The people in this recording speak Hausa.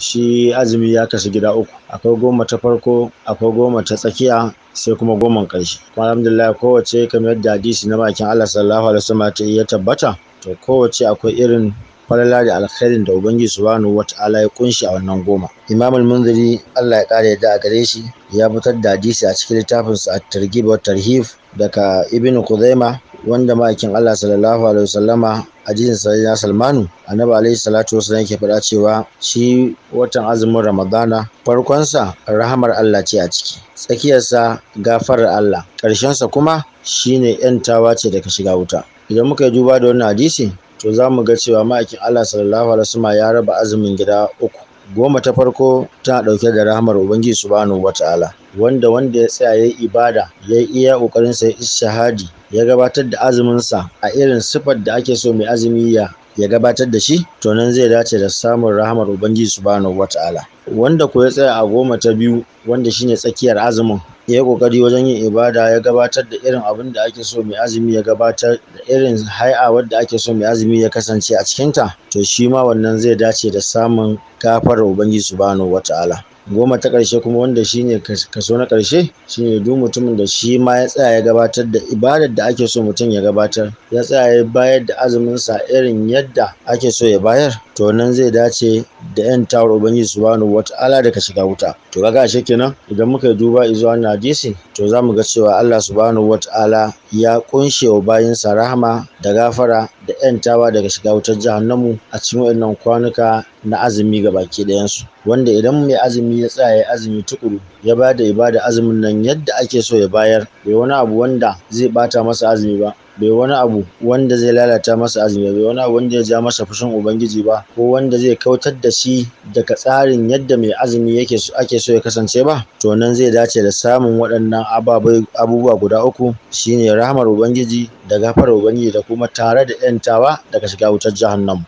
shi azumi ya kashe gida uku akwai goma ta farko akwai goma ta tsakiya sai kuma goman ƙarshe kuma alhamdulillah kowace kamar yadda hadisi na bakin Allah sallallahu alaihi wasallam ta iya tabbata to kowace akwai irin falala da alkhairin da ubangiji subhanahu wata'ala ya kunshi a wannan goma imam al-munziri Allah ya kare yadda a gare shi ya fitar da hadisi a cikin littafin sa at-targhib wa tarhif daga ibn Kuzaima wanda ma'aikin Allah sallallahu alaihi wasallama hadisin ya Salmanu annabi alaihi salatu wasallam yake faɗa cewa shi watan azumin Ramadana farkonsa rahamar Allah ce a ciki tsakiyarsa gafarar Allah ƙarshensa kuma shine yantawa ce daga shiga wuta idan muka yi duba da wannan hadisi to za mu ga cewa ma'aikin Allah sallallahu alaihi wasallama ya raba azumin gida uku goma ta farko ta ɗauke da rahamar ubangiji subhanahu wata'ala wanda wanda ya tsaya ya ibada ya iya ƙoƙarin sa shahadi ya gabatar da azuminsa a irin sifar da ake so mai azumi ya ya gabatar da shi to nan zai dace da samun rahamar ubangiji subhanahu wata'ala wanda ko ya tsaya a goma ta biyu wanda shine tsakiyar azumin ya yi kokari wajen yin ibada ya gabatar da irin abin da ake so mai azumi ya gabatar da irin hai'a wadda ake so mai azumi ya kasance a cikinta to shi ma wannan zai dace da samun gafarar ubangiji subhanahu wata'ala goma ta ƙarshe kuma wanda shine kaso na ƙarshe shine duk mutumin da shi ma ya tsaya ya gabatar da ibadar da ake so mutum ya gabatar ya tsaya ya bayar da azumin sa irin yadda ake so ya bayar to nan zai dace da yan tawar ubangiji subhanahu da daga shiga wuta to ga ashe kenan idan muka yi duba izuwa na hadisi to za mu ga cewa Allah subhanahu wata'ala ya kunshe wa bayinsa rahama da gafara da 'yantawa daga shiga wutar jahannamu a cikin wannan kwanuka na azumi ga baki ɗayansu wanda idan mai azumi ya tsaya ya azumi tukuru ya bada da ibada azumin nan yadda ake so ya bayar bai wani abu wanda zai bata masa azumi ba bai wani abu wanda zai lalata masa azumi bai wani abu wanda ya ja masa fushin ubangiji ba ko wanda zai kautar da shi daga tsarin yadda mai azumi yake ake so ya kasance ba to nan zai dace da samun waɗannan ababai abubuwa guda uku shine rahmar ubangiji da gafarar ubangiji da kuma tare da yantawa daga shiga wutar jahannam